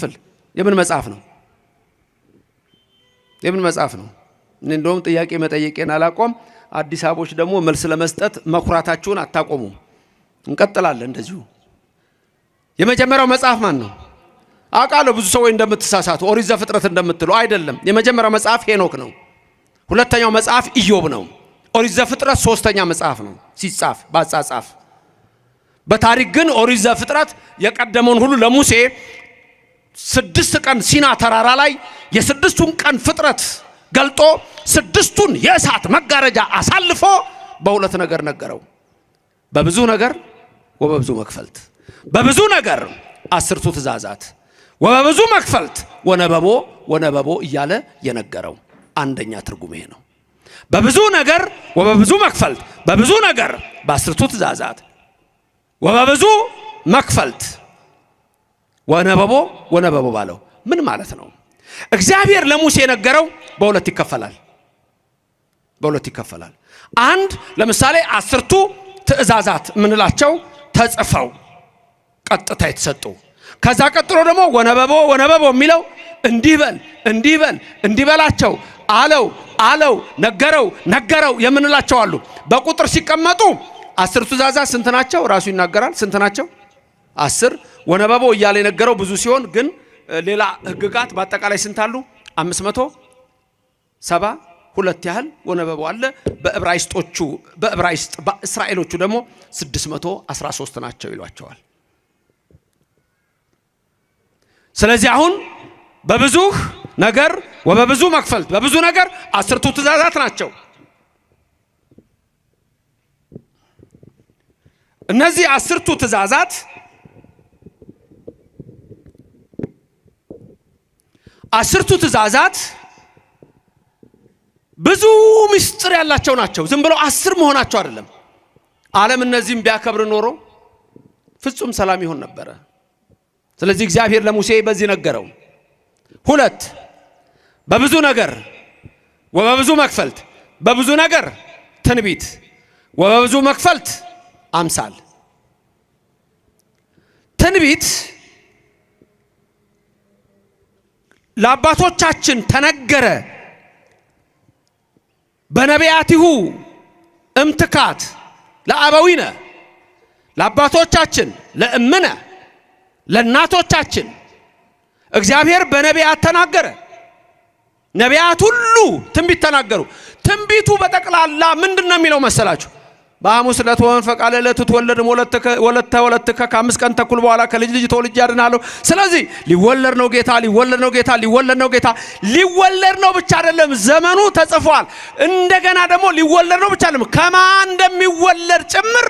ክፍል የምን መጽሐፍ ነው? የምን መጽሐፍ ነው? እንደውም ጥያቄ መጠየቄን አላቆም። አዲስ አበቦች ደግሞ መልስ ለመስጠት መኩራታችሁን አታቆሙም። እንቀጥላለን እንደዚሁ። የመጀመሪያው መጽሐፍ ማን ነው? አውቃለሁ ብዙ ሰዎች እንደምትሳሳቱ ኦሪት ዘፍጥረት እንደምትሉ አይደለም። የመጀመሪያው መጽሐፍ ሄኖክ ነው። ሁለተኛው መጽሐፍ ኢዮብ ነው። ኦሪት ዘፍጥረት ሶስተኛ መጽሐፍ ነው ሲጻፍ በአጻጻፍ በታሪክ ግን ኦሪት ዘፍጥረት የቀደመውን ሁሉ ለሙሴ ስድስት ቀን ሲና ተራራ ላይ የስድስቱን ቀን ፍጥረት ገልጦ ስድስቱን የእሳት መጋረጃ አሳልፎ በሁለት ነገር ነገረው። በብዙ ነገር ወበብዙ መክፈልት፣ በብዙ ነገር አስርቱ ትእዛዛት ወበብዙ መክፈልት ወነበቦ ወነበቦ እያለ የነገረው አንደኛ ትርጉም ይሄ ነው። በብዙ ነገር ወበብዙ መክፈልት፣ በብዙ ነገር በአስርቱ ትእዛዛት ወበብዙ መክፈልት ወነበቦ ወነበቦ ባለው ምን ማለት ነው? እግዚአብሔር ለሙሴ የነገረው በሁለት ይከፈላል። በሁለት ይከፈላል። አንድ ለምሳሌ አስርቱ ትእዛዛት የምንላቸው ተጽፈው ቀጥታ የተሰጡ ከዛ ቀጥሎ ደግሞ ወነበቦ ወነበቦ የሚለው እንዲበል እንዲበል እንዲበላቸው አለው አለው ነገረው ነገረው የምንላቸው አሉ። በቁጥር ሲቀመጡ አስርቱ ትእዛዛት ስንት ናቸው? ራሱ ይናገራል። ስንት ናቸው? አስር ወነበቦ እያለ የነገረው ብዙ ሲሆን ግን ሌላ ህግጋት በአጠቃላይ ስንት አሉ? አምስት መቶ ሰባ ሁለት ያህል ወነበቦ አለ። በዕብራይስጦቹ በዕብራይስጥ በእስራኤሎቹ ደግሞ 613 ናቸው ይሏቸዋል። ስለዚህ አሁን በብዙ ነገር ወበብዙ መክፈልት በብዙ ነገር አስርቱ ትእዛዛት ናቸው። እነዚህ አስርቱ ትእዛዛት አስርቱ ትእዛዛት ብዙ ምስጢር ያላቸው ናቸው። ዝም ብለው አስር መሆናቸው አይደለም። ዓለም እነዚህም ቢያከብር ኖሮ ፍጹም ሰላም ይሆን ነበረ። ስለዚህ እግዚአብሔር ለሙሴ በዚህ ነገረው። ሁለት በብዙ ነገር ወበብዙ መክፈልት፣ በብዙ ነገር ትንቢት፣ ወበብዙ መክፈልት አምሳል ትንቢት ለአባቶቻችን ተነገረ በነቢያቲሁ እምትካት ለአበዊነ ለአባቶቻችን ለእምነ ለእናቶቻችን እግዚአብሔር በነቢያት ተናገረ። ነቢያት ሁሉ ትንቢት ተናገሩ። ትንቢቱ በጠቅላላ ምንድን ነው የሚለው መሰላችሁ? በሐሙስ ዕለት ወመንፈቀ ዕለት ትወለድ ወለተ ወለትከ ከአምስት ቀን ተኩል በኋላ ከልጅ ልጅ ተወልጄ አድናለሁ። ስለዚህ ሊወለድ ነው ጌታ፣ ሊወለድ ነው ጌታ፣ ሊወለድ ነው ጌታ። ሊወለድ ነው ብቻ አይደለም ዘመኑ ተጽፏል። እንደገና ደግሞ ሊወለድ ነው ብቻ አይደለም ከማ እንደሚወለድ ጭምር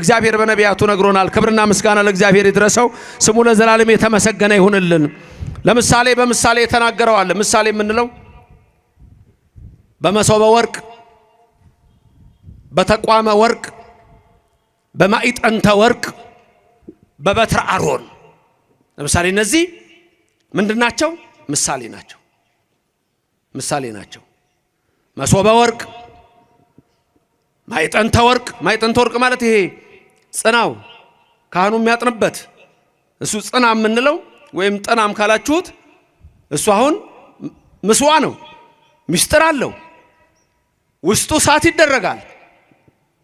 እግዚአብሔር በነቢያቱ ነግሮናል። ክብርና ምስጋና ለእግዚአብሔር ይድረሰው፣ ስሙ ለዘላለም የተመሰገነ ይሁንልን። ለምሳሌ በምሳሌ የተናገረዋል። ምሳሌ የምንለው በመሶበ ወርቅ በተቋመ ወርቅ በማዕጠንተ ወርቅ በበትረ አሮን ለምሳሌ እነዚህ ምንድን ናቸው? ምሳሌ ናቸው። ምሳሌ ናቸው። መሶበ ወርቅ፣ ማዕጠንተ ወርቅ። ማዕጠንተ ወርቅ ማለት ይሄ ጽናው ካህኑ የሚያጥንበት እሱ ጽና የምንለው ወይም ጥናም ካላችሁት እሱ አሁን ምስዋ ነው። ምስጢር አለው። ውስጡ እሳት ይደረጋል።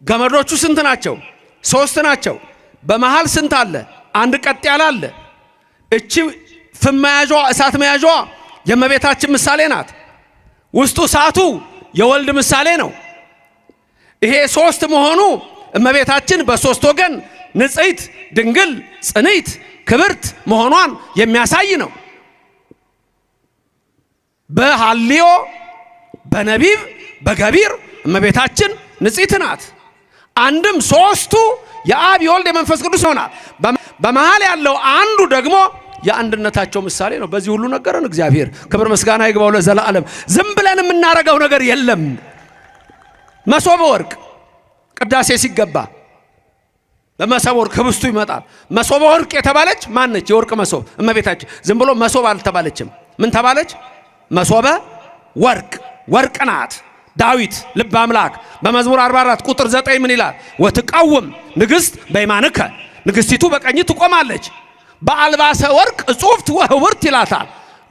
ገመዶቹ ስንት ናቸው? ሶስት ናቸው። በመሃል ስንት አለ? አንድ ቀጥ ያለ አለ። እቺ ፍም መያዣዋ እሳት መያዣዋ የእመቤታችን ምሳሌ ናት። ውስጡ እሳቱ የወልድ ምሳሌ ነው። ይሄ ሶስት መሆኑ እመቤታችን በሶስት ወገን ንጽሕት፣ ድንግል፣ ጽንዕት፣ ክብርት መሆኗን የሚያሳይ ነው። በሐልዮ በነቢብ በገቢር እመቤታችን ንጽሕት ናት። አንድም ሶስቱ የአብ የወልድ የመንፈስ ቅዱስ ይሆናል። በመሃል ያለው አንዱ ደግሞ የአንድነታቸው ምሳሌ ነው። በዚህ ሁሉ ነገርን እግዚአብሔር ክብር ምስጋና ይግባው ለዘላለም። ዝም ብለን የምናረገው ነገር የለም። መሶበ ወርቅ ቅዳሴ ሲገባ በመሶበ ወርቅ ህብስቱ ይመጣል። መሶበ ወርቅ የተባለች ማነች? የወርቅ መሶብ እመቤታችን። ዝም ብሎ መሶብ አልተባለችም። ምን ተባለች? መሶበ ወርቅ ወርቅ ናት። ዳዊት ልብ አምላክ በመዝሙር 44 ቁጥር 9 ምን ይላል? ወትቃውም ንግሥት በይማንከ ንግሥቲቱ በቀኝ ትቆማለች። በአልባሰ ወርቅ እጹፍት ወህውርት ይላታል።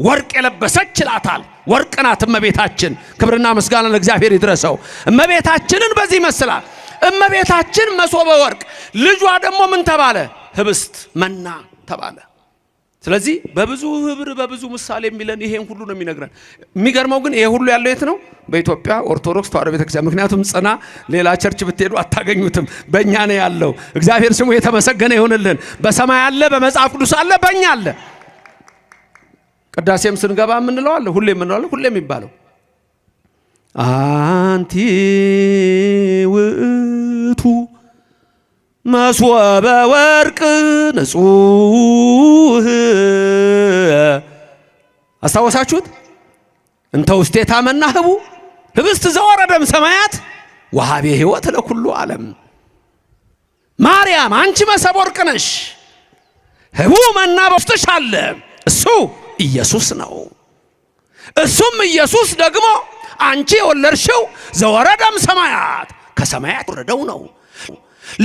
ወርቅ የለበሰች ይላታል። ወርቅ ናት እመቤታችን። ክብርና ምስጋና ለእግዚአብሔር ይድረሰው። እመቤታችንን በዚህ ይመስላል። እመቤታችን መሶበ ወርቅ፣ ልጇ ደግሞ ምን ተባለ? ህብስት መና ተባለ። ስለዚህ በብዙ ህብር በብዙ ምሳሌ የሚለን ይሄን ሁሉ ነው የሚነግረን። የሚገርመው ግን ይሄ ሁሉ ያለው የት ነው? በኢትዮጵያ ኦርቶዶክስ ተዋሕዶ ቤተክርስቲያን። ምክንያቱም ጽና ሌላ ቸርች ብትሄዱ አታገኙትም። በእኛ ነው ያለው። እግዚአብሔር ስሙ የተመሰገነ ይሁንልን። በሰማይ አለ፣ በመጽሐፍ ቅዱስ አለ፣ በእኛ አለ። ቅዳሴም ስንገባ የምንለው አለ፣ ሁሌ የምንለው አለ፣ ሁሌ የሚባለው አንቲ መስወበ ወርቅ ንጹህ አስታወሳችሁት? እንተ ውስቴ ታመና ህቡ ህብስት ዘወረደም ሰማያት ወሃቤ ህይወት ለኩሉ ዓለም ማርያም አንቺ መሰብ ወርቅ ነሽ፣ ህቡ መና በውስጥሽ አለ። እሱ ኢየሱስ ነው። እሱም ኢየሱስ ደግሞ አንቺ የወለድሽው ዘወረደም ሰማያት ከሰማያት ወረደው ነው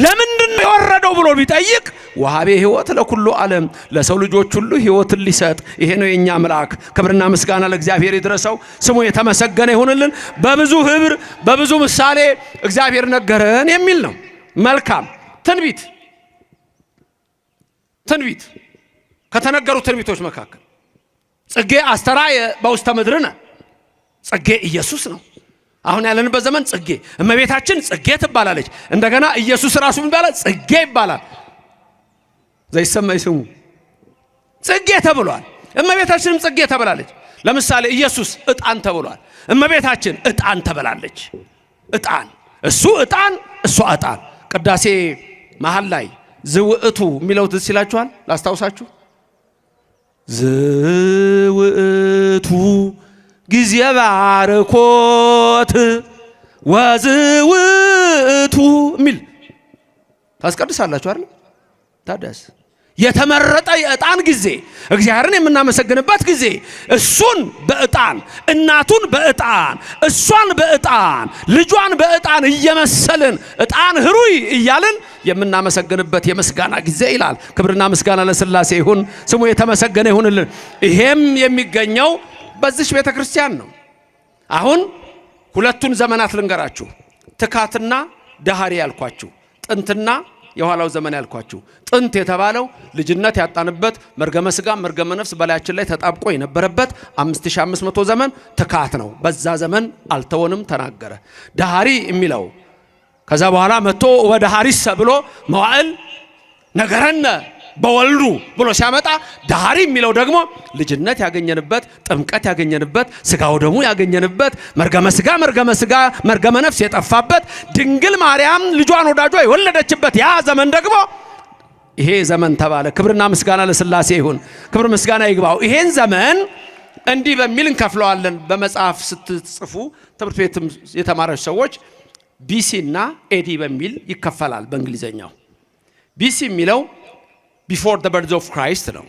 ለምንድን ነው የወረደው ብሎ ቢጠይቅ ወሃቤ ሕይወት ለኩሉ ዓለም ለሰው ልጆች ሁሉ ሕይወትን ሊሰጥ ይሄ ነው የእኛ መልአክ። ክብርና ምስጋና ለእግዚአብሔር ይድረሰው፣ ስሙ የተመሰገነ ይሁንልን። በብዙ ህብር በብዙ ምሳሌ እግዚአብሔር ነገረን የሚል ነው። መልካም ትንቢት ትንቢት ከተነገሩ ትንቢቶች መካከል ጽጌ አስተራየ በውስተ ምድርነ ጽጌ ኢየሱስ ነው። አሁን ያለንበት ዘመን ጽጌ እመቤታችን ጽጌ ትባላለች። እንደገና ኢየሱስ ራሱ ይባላል ጽጌ ይባላል። ዘይሰማይ ስሙ ጽጌ ተብሏል። እመቤታችንም ጽጌ ተብላለች። ለምሳሌ ኢየሱስ ዕጣን ተብሏል። እመቤታችን ዕጣን ተብላለች። ዕጣን እሱ ዕጣን እሷ ዕጣን። ቅዳሴ መሀል ላይ ዝውዕቱ የሚለው ትዝ ይላችኋል። ላስታውሳችሁ ዝውዕቱ ጊዜ ባርኮት ወዝውቱ የሚል ታስቀድሳላችሁ አይደል? የተመረጠ የእጣን ጊዜ እግዚአብሔርን የምናመሰግንበት ጊዜ እሱን በእጣን እናቱን በእጣን እሷን በእጣን ልጇን በእጣን እየመሰልን እጣን ህሩይ እያልን የምናመሰግንበት የምስጋና ጊዜ ይላል። ክብርና ምስጋና ለስላሴ ይሁን፣ ስሙ የተመሰገነ ይሁንልን። ይሄም የሚገኘው በዚች ቤተ ክርስቲያን ነው። አሁን ሁለቱን ዘመናት ልንገራችሁ። ትካትና ዳሃሪ ያልኳችሁ፣ ጥንትና የኋላው ዘመን ያልኳችሁ። ጥንት የተባለው ልጅነት ያጣንበት መርገመ ስጋ መርገመ ነፍስ በላያችን ላይ ተጣብቆ የነበረበት 5500 ዘመን ትካት ነው። በዛ ዘመን አልተወንም ተናገረ። ዳሃሪ የሚለው ከዛ በኋላ መጥቶ ወዳሃሪሰ ብሎ መዋዕል ነገረነ በወልዱ ብሎ ሲያመጣ ዳሪ የሚለው ደግሞ ልጅነት ያገኘንበት ጥምቀት ያገኘንበት ስጋው ደሙ ያገኘንበት መርገመ ስጋ መርገመ ስጋ መርገመ ነፍስ የጠፋበት ድንግል ማርያም ልጇን ወዳጇ የወለደችበት ያ ዘመን ደግሞ ይሄ ዘመን ተባለ። ክብርና ምስጋና ለስላሴ ይሁን። ክብር ምስጋና ይግባው። ይሄን ዘመን እንዲህ በሚል እንከፍለዋለን። በመጽሐፍ ስትጽፉ ትምህርት ቤትም የተማረች ሰዎች ቢሲ እና ኤዲ በሚል ይከፈላል። በእንግሊዘኛው ቢሲ የሚለው ቢፎር ዘ በርዝ ኦፍ ክራይስት ነው።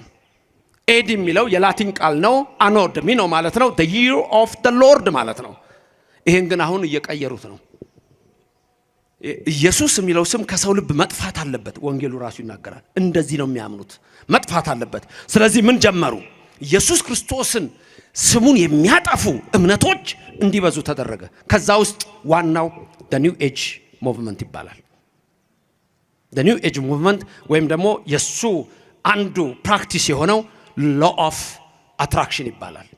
ኤድ የሚለው የላቲን ቃል ነው። አኖድ ሚኖ ማለት ነው። ይር ኦፍ ሎርድ ማለት ነው። ይሄን ግን አሁን እየቀየሩት ነው። ኢየሱስ የሚለው ስም ከሰው ልብ መጥፋት አለበት። ወንጌሉ ራሱ ይናገራል። እንደዚህ ነው የሚያምኑት፣ መጥፋት አለበት። ስለዚህ ምን ጀመሩ? ኢየሱስ ክርስቶስን ስሙን የሚያጠፉ እምነቶች እንዲበዙ ተደረገ። ከዛ ውስጥ ዋናው ኒው ኤጅ ሞቭመንት ይባላል። ኒው ኤጅ ሙቭመንት ወይም ደግሞ የእሱ አንዱ ፕራክቲስ የሆነው ሎ ኦፍ አትራክሽን ይባላል።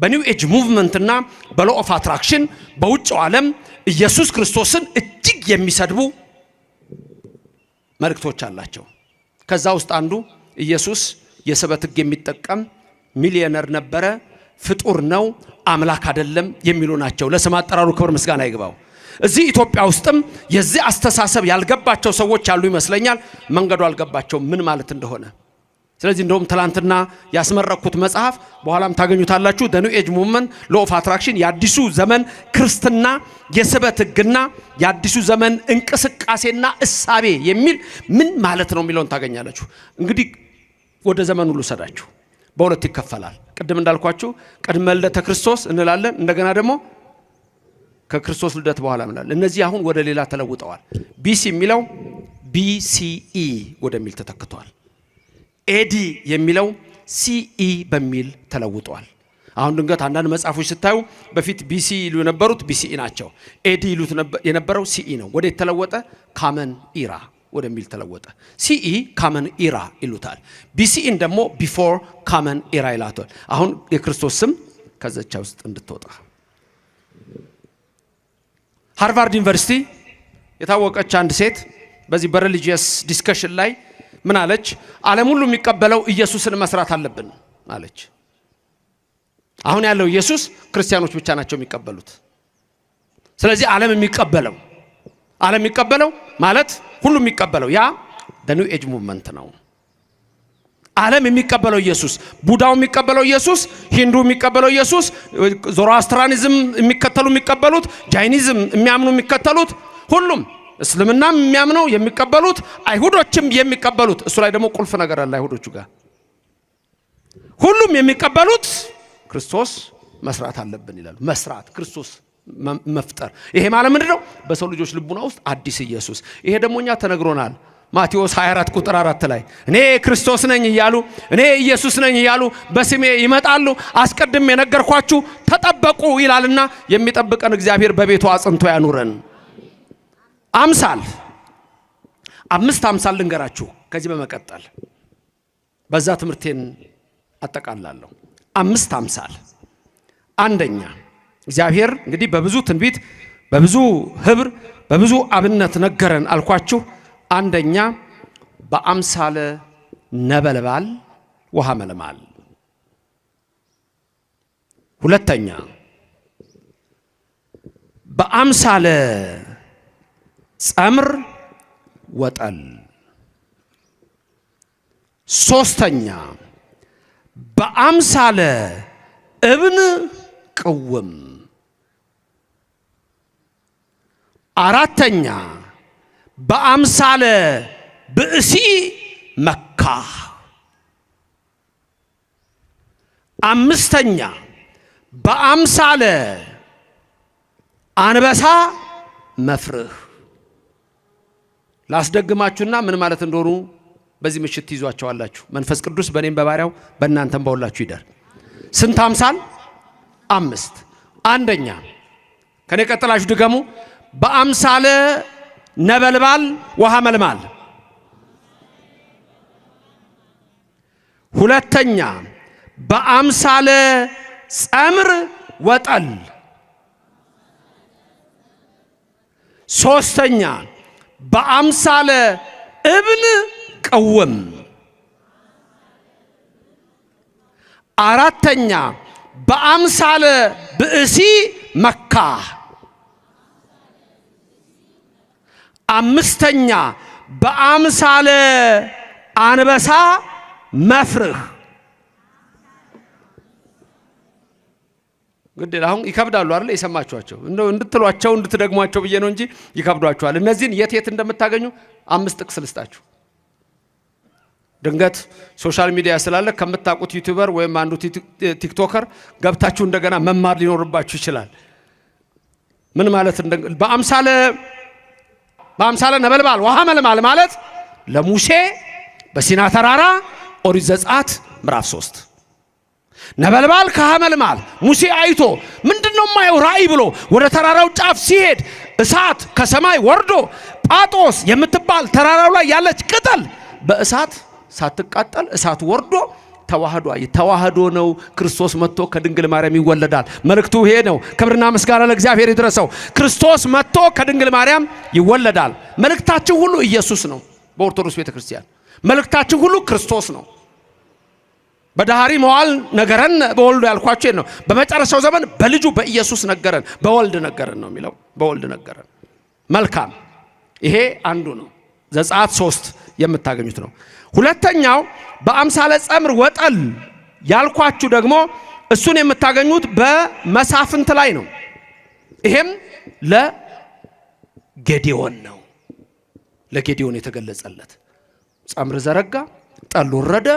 በኒው ኤጅ ሙቭመንትና በሎ ኦፍ አትራክሽን በውጭው ዓለም ኢየሱስ ክርስቶስን እጅግ የሚሰድቡ መልእክቶች አላቸው። ከዛ ውስጥ አንዱ ኢየሱስ የስበት ሕግ የሚጠቀም ሚሊዮነር ነበረ፣ ፍጡር ነው፣ አምላክ አይደለም የሚሉ ናቸው። ለስም አጠራሩ ክብር ምስጋና ይግባው። እዚህ ኢትዮጵያ ውስጥም የዚህ አስተሳሰብ ያልገባቸው ሰዎች ያሉ ይመስለኛል። መንገዱ አልገባቸው ምን ማለት እንደሆነ። ስለዚህ እንደውም ትላንትና ያስመረኩት መጽሐፍ በኋላም ታገኙታላችሁ። ኒው ኤጅ ሙቭመንት ሎ ኦፍ አትራክሽን የአዲሱ ዘመን ክርስትና የስበት ህግና የአዲሱ ዘመን እንቅስቃሴና እሳቤ የሚል ምን ማለት ነው የሚለውን ታገኛላችሁ። እንግዲህ ወደ ሁሉ ሰዳችሁ በሁለት ይከፈላል። ቅድም እንዳልኳችሁ ቅድመ ልደተ ክርስቶስ እንላለን። እንደገና ደግሞ ከክርስቶስ ልደት በኋላ ምናል እነዚህ አሁን ወደ ሌላ ተለውጠዋል። ቢሲ የሚለው ቢሲኢ ወደሚል ተተክቷል። ኤዲ የሚለው ሲኢ በሚል ተለውጠዋል። አሁን ድንገት አንዳንድ መጽሐፎች ስታዩ በፊት ቢሲ ይሉ የነበሩት ቢሲኢ ናቸው። ኤዲ ይሉት የነበረው ሲኢ ነው። ወደ የተለወጠ ካመን ኢራ ወደሚል ተለወጠ። ሲኢ ካመን ኢራ ይሉታል። ቢሲኢን ደግሞ ቢፎር ካመን ኢራ ይላቷል። አሁን የክርስቶስ ስም ከዘቻ ውስጥ እንድትወጣ ሃርቫርድ ዩኒቨርሲቲ የታወቀች አንድ ሴት በዚህ በሪሊጂየስ ዲስከሽን ላይ ምን አለች? ዓለም ሁሉ የሚቀበለው ኢየሱስን መስራት አለብን አለች። አሁን ያለው ኢየሱስ ክርስቲያኖች ብቻ ናቸው የሚቀበሉት። ስለዚህ ዓለም የሚቀበለው ዓለም የሚቀበለው ማለት ሁሉ የሚቀበለው ያ ኒው ኤጅ ሙቭመንት ነው። ዓለም የሚቀበለው ኢየሱስ፣ ቡዳው የሚቀበለው ኢየሱስ፣ ሂንዱ የሚቀበለው ኢየሱስ፣ ዞሮአስትራኒዝም የሚከተሉ የሚቀበሉት፣ ጃይኒዝም የሚያምኑ የሚከተሉት፣ ሁሉም እስልምና የሚያምነው የሚቀበሉት፣ አይሁዶችም የሚቀበሉት። እሱ ላይ ደግሞ ቁልፍ ነገር አለ። አይሁዶቹ ጋር ሁሉም የሚቀበሉት ክርስቶስ መስራት አለብን ይላሉ። መስራት ክርስቶስ መፍጠር። ይሄ ማለት ምንድነው በሰው ልጆች ልቡና ውስጥ አዲስ ኢየሱስ። ይሄ ደግሞ እኛ ተነግሮናል። ማቴዎስ 24 ቁጥር 4 ላይ እኔ ክርስቶስ ነኝ እያሉ እኔ ኢየሱስ ነኝ እያሉ በስሜ ይመጣሉ፣ አስቀድሜ የነገርኳችሁ ተጠበቁ ይላልና የሚጠብቀን እግዚአብሔር በቤቱ አጽንቶ ያኑረን። አምሳል አምስት አምሳል ልንገራችሁ ከዚህ በመቀጠል በዛ ትምህርቴን አጠቃላለሁ። አምስት አምሳል አንደኛ እግዚአብሔር እንግዲህ በብዙ ትንቢት በብዙ ህብር በብዙ አብነት ነገረን አልኳችሁ። አንደኛ በአምሳለ ነበልባል ውሃ መልማል። ሁለተኛ በአምሳለ ጸምር ወጠል። ሶስተኛ በአምሳለ እብን ቅውም። አራተኛ በአምሳለ ብእሲ መካ አምስተኛ በአምሳለ አንበሳ መፍርህ ላስደግማችሁና ምን ማለት እንደሆኑ በዚህ ምሽት ትይዟቸዋላችሁ። መንፈስ ቅዱስ በእኔም በባሪያው በእናንተም በሁላችሁ ይደር። ስንት አምሳል? አምስት። አንደኛ ከኔ ቀጥላችሁ ድገሙ። በአምሳለ ነበልባል ውሃ መልማል። ሁለተኛ በአምሳለ ጸምር ወጠል። ሶስተኛ በአምሳለ እብን ቅውም። አራተኛ በአምሳለ ብእሲ መካ አምስተኛ በአምሳለ አንበሳ መፍርህ ግድ አሁን ይከብዳሉ አይደል? የሰማችኋቸው እንድትሏቸው እንድትደግሟቸው ብዬ ነው እንጂ ይከብዷቸዋል። እነዚህን የት የት እንደምታገኙ አምስት ጥቅስ ልስጣችሁ። ድንገት ሶሻል ሚዲያ ስላለ ከምታውቁት ዩቲዩበር ወይም አንዱ ቲክቶከር ገብታችሁ እንደገና መማር ሊኖርባችሁ ይችላል። ምን ማለት በአምሳለ በአምሳለ ነበልባል ውሃ መልማል ማለት ለሙሴ በሲና ተራራ ኦሪት ዘጸአት ምዕራፍ ሶስት ነበልባል ከሐመልማል ሙሴ አይቶ ምንድነው የማየው ራእይ ብሎ ወደ ተራራው ጫፍ ሲሄድ እሳት ከሰማይ ወርዶ ጳጦስ የምትባል ተራራው ላይ ያለች ቅጠል በእሳት ሳትቃጠል እሳት ወርዶ ተዋህዶ ተዋህዶ ነው። ክርስቶስ መጥቶ ከድንግል ማርያም ይወለዳል። መልእክቱ ይሄ ነው። ክብርና ምስጋና ለእግዚአብሔር ይድረሰው። ክርስቶስ መጥቶ ከድንግል ማርያም ይወለዳል። መልእክታችን ሁሉ ኢየሱስ ነው። በኦርቶዶክስ ቤተ ክርስቲያን መልእክታችን ሁሉ ክርስቶስ ነው። በዳህሪ መዋል ነገረን በወልዱ ያልኳቸው ነው። በመጨረሻው ዘመን በልጁ በኢየሱስ ነገረን፣ በወልድ ነገረን ነው የሚለው በወልድ ነገረን። መልካም ይሄ አንዱ ነው። ዘጸአት ሶስት የምታገኙት ነው። ሁለተኛው በአምሳለ ጸምር ወጠል ያልኳችሁ ደግሞ እሱን የምታገኙት በመሳፍንት ላይ ነው። ይሄም ለጌዲዮን ነው። ለጌዲዮን የተገለጸለት ጸምር ዘረጋ፣ ጠል ወረደ።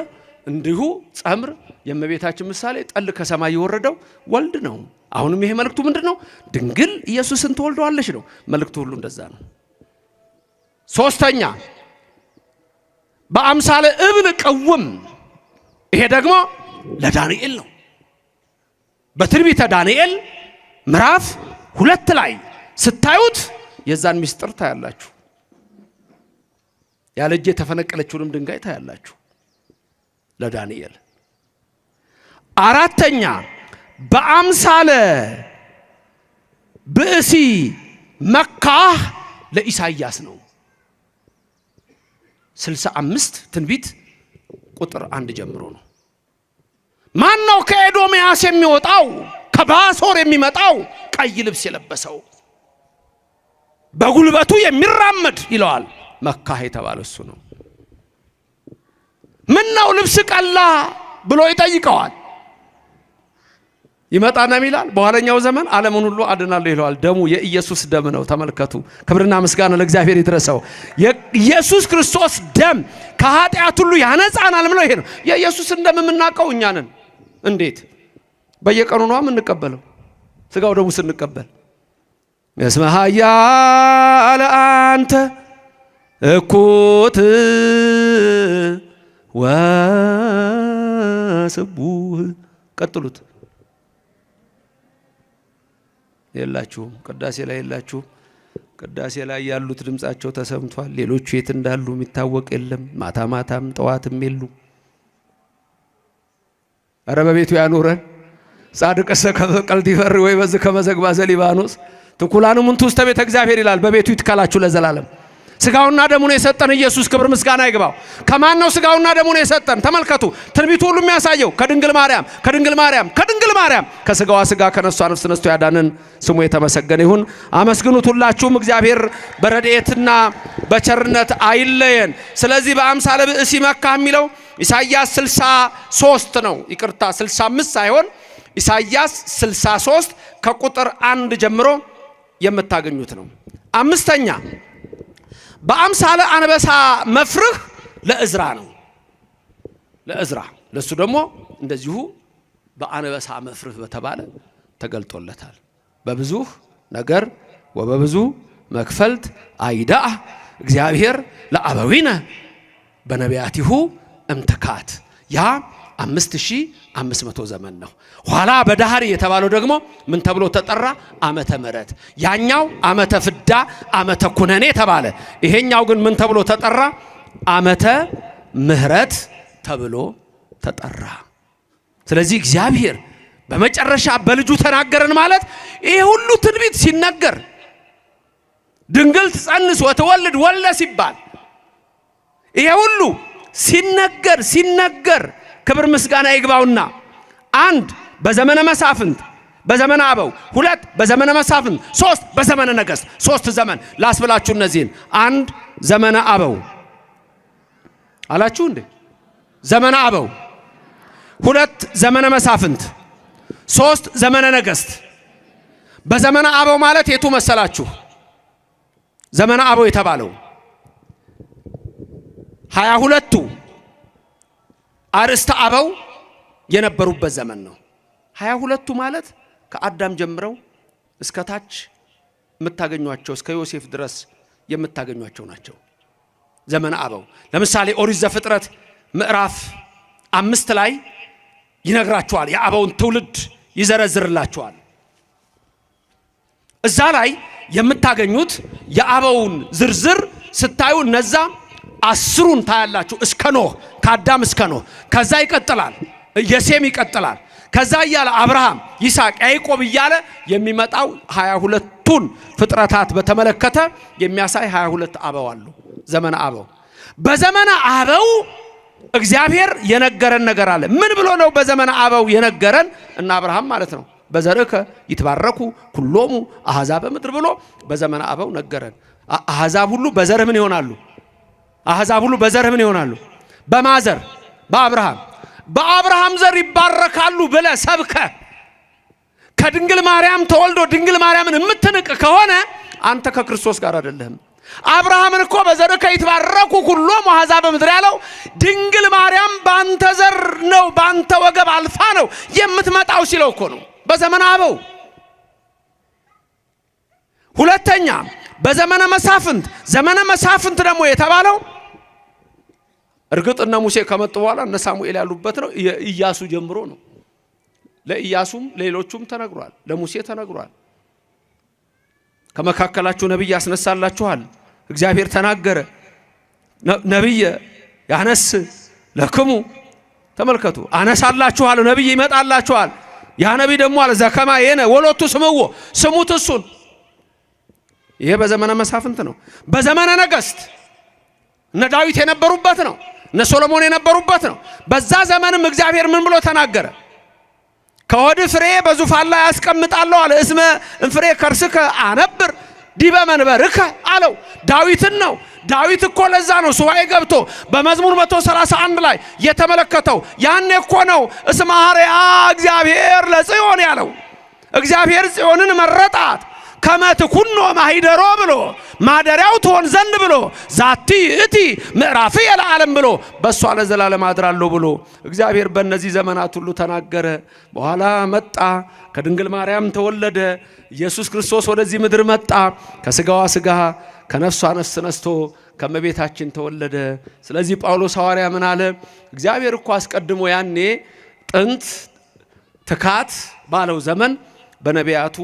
እንዲሁ ጸምር የእመቤታችን ምሳሌ ጠል ከሰማይ የወረደው ወልድ ነው። አሁንም ይሄ መልእክቱ ምንድን ነው? ድንግል ኢየሱስን ትወልደዋለች ነው መልእክቱ። ሁሉ እንደዛ ነው። ሶስተኛ በአምሳለ እብን ቅውም። ይሄ ደግሞ ለዳንኤል ነው። በትንቢተ ዳንኤል ምዕራፍ ሁለት ላይ ስታዩት የዛን ምስጢር ታያላችሁ። ያለ እጅ የተፈነቀለችውንም ድንጋይ ታያላችሁ ለዳንኤል። አራተኛ በአምሳለ ብእሲ መካህ ለኢሳይያስ ነው። ስልሳ አምስት ትንቢት ቁጥር አንድ ጀምሮ ነው። ማን ነው ከኤዶምያስ የሚወጣው ከባሶር የሚመጣው ቀይ ልብስ የለበሰው በጉልበቱ የሚራመድ ይለዋል። መካህ የተባለ እሱ ነው። ምን ነው ልብስ ቀላ ብሎ ይጠይቀዋል። ይመጣና ይላል በኋለኛው ዘመን ዓለምን ሁሉ አድናለሁ ይለዋል። ደሙ የኢየሱስ ደም ነው። ተመልከቱ። ክብርና ምስጋና ለእግዚአብሔር ይድረሰው። የኢየሱስ ክርስቶስ ደም ከኃጢአት ሁሉ ያነጻናል ምለው ይሄ ነው። የኢየሱስን ደም የምናውቀው እኛንን እንዴት? በየቀኑ ነው የምንቀበለው ስጋው ደሙ ስንቀበል እስመ ኃያል አንተ እኩት ወስቡህ ቀጥሉት የላችሁም፣ ቅዳሴ ላይ የላችሁም። ቅዳሴ ላይ ያሉት ድምጻቸው ተሰምቷል። ሌሎቹ የት እንዳሉ የሚታወቅ የለም። ማታ ማታም ጠዋትም የሉ። እረ በቤቱ ያኑረን። ጻድቅሰ ቀልዲፈሪ ወይ በዚህ ከመዘግባ ዘሊባኖስ ትኩላን ሙንቱ ውስተ ቤተ እግዚአብሔር ይላል። በቤቱ ይትከላችሁ ለዘላለም። ስጋውና ደሙን የሰጠን ኢየሱስ ክብር ምስጋና ይግባው። ከማን ነው ስጋውና ደሙን የሰጠን? ተመልከቱ፣ ትንቢቱ ሁሉ የሚያሳየው ከድንግል ማርያም ከድንግል ማርያም ማርያም ከስጋዋ ስጋ ከነሷ ነፍስ ነስቶ ያዳንን ስሙ የተመሰገነ ይሁን። አመስግኑት ሁላችሁም። እግዚአብሔር በረድኤትና በቸርነት አይለየን። ስለዚህ በአምሳለ ብእሲ መካ የሚለው ኢሳይያስ 63 ነው። ይቅርታ 65 ሳይሆን ኢሳይያስ 63 ከቁጥር አንድ ጀምሮ የምታገኙት ነው። አምስተኛ በአምሳለ አንበሳ መፍርህ ለእዝራ ነው። ለእዝራ ለእሱ ደግሞ እንደዚሁ በአንበሳ መፍርህ በተባለ ተገልጦለታል። በብዙ ነገር ወበብዙ መክፈልት አይዳ እግዚአብሔር ለአበዊነ በነቢያቲሁ እምትካት ያ አምስት ሺህ አምስት መቶ ዘመን ነው። ኋላ በዳህሪ የተባለው ደግሞ ምን ተብሎ ተጠራ? አመተ ምረት። ያኛው አመተ ፍዳ አመተ ኩነኔ ተባለ። ይሄኛው ግን ምን ተብሎ ተጠራ? አመተ ምህረት ተብሎ ተጠራ። ስለዚህ እግዚአብሔር በመጨረሻ በልጁ ተናገረን ማለት ይሄ ሁሉ ትንቢት ሲነገር ድንግል ትጸንስ ወትወልድ ወለ ሲባል ይሄ ሁሉ ሲነገር ሲነገር ክብር ምስጋና ይግባውና አንድ በዘመነ መሳፍንት በዘመነ አበው ሁለት በዘመነ መሳፍንት ሶስት በዘመነ ነገስት ሶስት ዘመን ላስብላችሁ እነዚህን አንድ ዘመነ አበው አላችሁ እንዴ ዘመነ አበው ሁለት ዘመነ መሳፍንት፣ ሶስት ዘመነ ነገስት። በዘመነ አበው ማለት የቱ መሰላችሁ? ዘመነ አበው የተባለው ሀያ ሁለቱ አርእስተ አበው የነበሩበት ዘመን ነው። ሀያ ሁለቱ ማለት ከአዳም ጀምረው እስከ ታች የምታገኟቸው እስከ ዮሴፍ ድረስ የምታገኟቸው ናቸው። ዘመነ አበው ለምሳሌ ኦሪት ዘፍጥረት ምዕራፍ አምስት ላይ ይነግራችኋል። የአበውን ትውልድ ይዘረዝርላችኋል። እዛ ላይ የምታገኙት የአበውን ዝርዝር ስታዩ እነዛ አስሩን ታያላችሁ። እስከ ኖህ ከአዳም እስከ ኖህ፣ ከዛ ይቀጥላል፣ የሴም ይቀጥላል። ከዛ እያለ አብርሃም፣ ይስሐቅ፣ ያዕቆብ እያለ የሚመጣው ሀያ ሁለቱን ፍጥረታት በተመለከተ የሚያሳይ ሀያ ሁለት አበው አሉ። ዘመነ አበው በዘመነ አበው እግዚአብሔር የነገረን ነገር አለ። ምን ብሎ ነው በዘመነ አበው የነገረን እና አብርሃም ማለት ነው በዘርከ ይትባረኩ ኩሎሙ አሕዛብ በምድር ብሎ በዘመነ አበው ነገረን። አሕዛብ ሁሉ በዘር ምን ይሆናሉ? አሕዛብ ሁሉ በዘር ምን ይሆናሉ? በማዘር በአብርሃም በአብርሃም ዘር ይባረካሉ ብለ ሰብከ ከድንግል ማርያም ተወልዶ ድንግል ማርያምን የምትንቅ ከሆነ አንተ ከክርስቶስ ጋር አይደለህም። አብርሃምን እኮ በዘር ከይትባረኩ ሁሉ አሕዛብ በምድር ያለው ድንግል ማርያም ባንተ ዘር ነው ባንተ ወገብ አልፋ ነው የምትመጣው ሲለው እኮ ነው በዘመነ አበው። ሁለተኛ በዘመነ መሳፍንት። ዘመነ መሳፍንት ደግሞ የተባለው እርግጥ እነ ሙሴ ከመጡ በኋላ እነ ሳሙኤል ያሉበት ነው። ኢያሱ ጀምሮ ነው። ለኢያሱም ሌሎቹም ተነግሯል፣ ለሙሴ ተነግሯል። ከመካከላችሁ ነቢይ ያስነሳላችኋል እግዚአብሔር ተናገረ። ነቢየ ያነስ ለክሙ ተመልከቱ፣ አነሳላችኋለሁ፣ ነቢይ ይመጣላችኋል። ያ ነቢይ ደግሞ አለ ዘከማ የነ ወሎቱ ስምዎ፣ ስሙት እሱን። ይሄ በዘመነ መሳፍንት ነው። በዘመነ ነገስት እነ ዳዊት የነበሩበት ነው። እነ ሶሎሞን የነበሩበት ነው። በዛ ዘመንም እግዚአብሔር ምን ብሎ ተናገረ? ከሆድ ፍሬ በዙፋን ላይ አስቀምጣለሁ አለ። እስመ እንፍሬ ከርስከ አነብር ዲበ መንበርከ አለው። ዳዊትን ነው። ዳዊት እኮ ለዛ ነው ሱባኤ ገብቶ በመዝሙር 131 ላይ የተመለከተው ያኔ እኮ ነው እስመ እግዚአብሔር ለጽዮን ያለው። እግዚአብሔር ጽዮንን መረጣት። ከመትኩኖ ማሂደሮ ብሎ ማደሪያው ትሆን ዘንድ ብሎ ዛቲ እቲ ምዕራፍ የለዓለም ብሎ በእሷ ለዘላለም አድራለሁ ብሎ እግዚአብሔር በእነዚህ ዘመናት ሁሉ ተናገረ። በኋላ መጣ፣ ከድንግል ማርያም ተወለደ። ኢየሱስ ክርስቶስ ወደዚህ ምድር መጣ። ከስጋዋ ስጋ ከነፍሷ ነፍስ ነስቶ ከመቤታችን ተወለደ። ስለዚህ ጳውሎስ ሐዋርያ ምን አለ? እግዚአብሔር እኮ አስቀድሞ ያኔ ጥንት ትካት ባለው ዘመን በነቢያቱ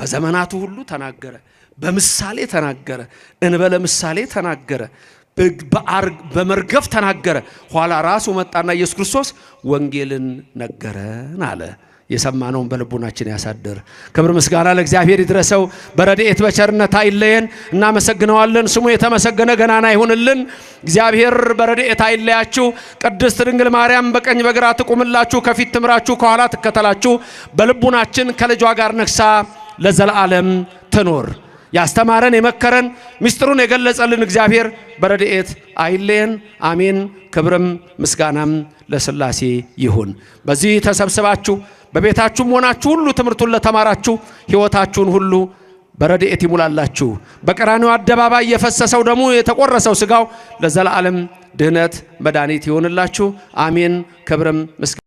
በዘመናቱ ሁሉ ተናገረ፣ በምሳሌ ተናገረ፣ እንበለ ምሳሌ ተናገረ፣ በመርገፍ ተናገረ። ኋላ ራሱ መጣና ኢየሱስ ክርስቶስ ወንጌልን ነገረን አለ። የሰማነውን በልቡናችን ያሳድር። ክብር ምስጋና ለእግዚአብሔር ይድረሰው። በረድኤት በቸርነት አይለየን። እናመሰግነዋለን። ስሙ የተመሰገነ ገናና ይሁንልን። እግዚአብሔር በረድኤት አይለያችሁ። ቅድስት ድንግል ማርያም በቀኝ በግራ ትቁምላችሁ፣ ከፊት ትምራችሁ፣ ከኋላ ትከተላችሁ። በልቡናችን ከልጇ ጋር ነግሳ ለዘላለም ትኖር። ያስተማረን የመከረን ምስጢሩን የገለጸልን እግዚአብሔር በረድኤት አይለየን። አሜን። ክብርም ምስጋናም ለስላሴ ይሁን። በዚህ ተሰብስባችሁ በቤታችሁም ሆናችሁ ሁሉ ትምህርቱን ለተማራችሁ ሕይወታችሁን ሁሉ በረድኤት ይሙላላችሁ። በቀራንዮ አደባባይ የፈሰሰው ደሙ የተቆረሰው ስጋው ለዘላለም ድህነት መድኃኒት ይሆንላችሁ። አሜን። ክብርም ምስጋና